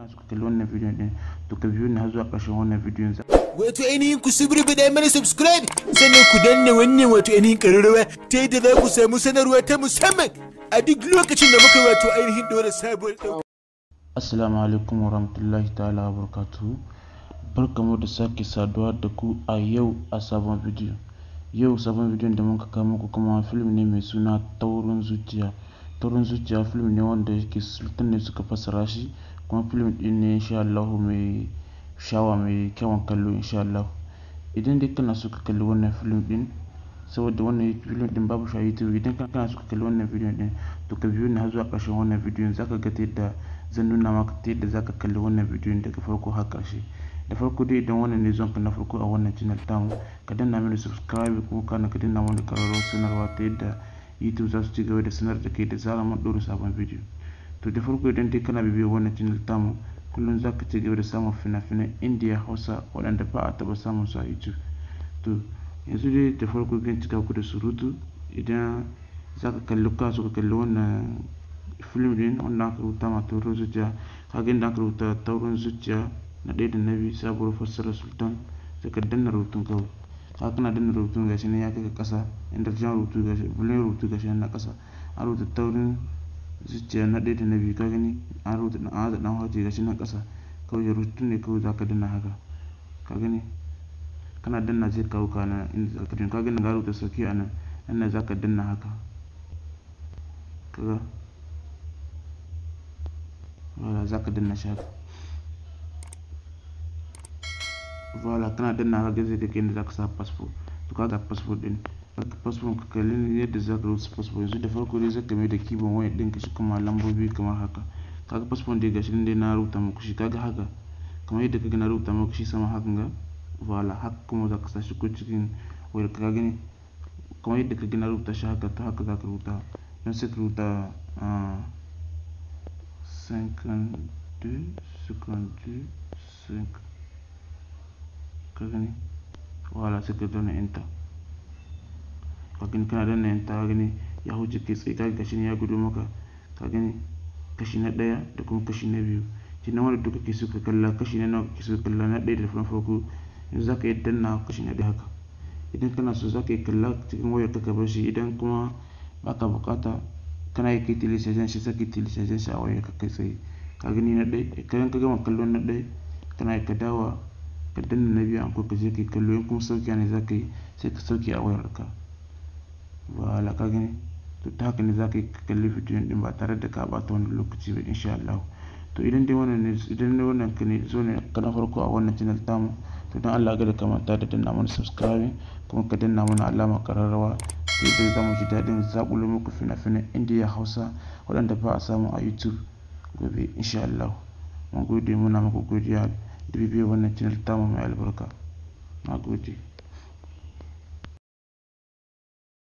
kana suka kalli wannan bidiyon ɗin to ka biyo ni har zuwa ƙarshen wannan bidiyon za wato ainihin ku subscribe mana subscribe sannan ku danna wannan wato ainihin ƙararrawa ta yadda za ku samu sanarwa ta musamman a duk lokacin da muka wato ainihin ɗora sabuwar ɗauka. assalamu alaikum wa rahmatullahi ta'ala wa barkatu barkamu da sake saduwa da ku a yau a sabon bidiyo yau sabon bidiyon da muka kawo muku kuma film ne mai suna taurin zuciya taurin zuciya film ne wanda yake sultan ne suka fassara shi kuma film ɗin ne insha Allah mai shawa mai kyawun kallo insha Allah Idan dai kana so ka kalli wannan film ɗin saboda wannan film ɗin babu shi a YouTube idan kana so ka kalli wannan bidiyon ɗin to ka biyo ni har zuwa ƙarshen wannan video za ka ga ta yadda zan nuna maka ta yadda za ka kalli wannan bidiyon daga farko har ƙarshe. Da farko dai idan wannan ne zonka na farko a wannan channel tamu ka danna mini subscribe kuma kana ka danna mini ƙararrawar sanarwa ta yadda YouTube za su ci gaba da sanar da kai da zarar mun ɗora sabon video. to da farko idan dai kana bibiyar wannan channel tamu kullum za ka ci gaba da samun fina-finan indiya hausa waɗanda ba a taɓa samun su a to yanzu dai da farko gan cika ku da surutu idan za ka kalli ka su ka kalli wannan film din wanda aka rubuta ma taurin zuciya kaga da aka rubuta taurin zuciya na ɗaya da na biyu sabuwar fassarar sultan sai ka danna rubutun kawai ka kana danna rubutun gashi nan ya kai ka ƙasa inda jan rubutu gashi bulin rubutu gashi nan na ƙasa a rubuta taurin zuciya na ɗaya da na biyu ka gani an rubuta ɗan an haɗa hoti ga shi nan ƙasa kawai ya rubutun ne kawai za ka danna haka ka gani kana danna zai kawo ka na inda za ka danna ka gani ga rubuta sauki a nan nan za ka danna haka kaga wala za ka danna shi wala kana danna haka zai kai inda za ka sa fasfo to ka ga fasfo ɗin possible ka kalli yadda za ka rubuta passport yanzu da farko dai zaka mai da keyboard waya ɗinka shi kuma lambobi kamar haka kaga passport dai gashi nan dai na rubuta muku shi kaga haka kamar yadda kaga na rubuta muku shi sama hakan ga voila haka kuma za ka sa shi ko cikin wayar ka gani kamar yadda kaga na rubuta shi haka ta haka za ka rubuta don sai ka rubuta 52 52 5 ka gani voila sai ka zauna enter ka gani kana danna yan ta gani ya huce kai tsaye ka gashi ne ya gudu maka ka gani kashi na ɗaya da kuma kashi na biyu na wanda duka ke suka ka kalla kashi na nawa ke suka kalla na ɗaya da na farko yanzu za ka yi danna kashi na ɗaya haka idan kana so za ka yi kalla cikin wayar ka bar shi idan kuma ba ka bukata kana yi kai tilishajen shi sai kai shi a wayar ka kai tsaye ka gani na ɗaya kayan ka gama kallon na ɗaya kana yi ka dawa ka danna na biyu an ko ka je ka yi kallo in kuma sauki ne za ka yi sai ka sauke a wayar ka wala ka gani to ta haka ne za ka yi kalli bidiyon din ba tare da ka bata wani lokaci ba insha Allah to idan dai wannan ne idan dai wannan ka ne zo ne ka na farko a wannan channel tamu to dan Allah ga da kamata da danna mana subscribe kuma ka danna mana alama kararrawa sai dai za mu ji daɗin zaƙulo muku fina-finan indiya hausa waɗanda ba a samu a youtube gobe insha Allah mun gode muna muku godiya da bibiyar wannan channel tamu mai albarka na gode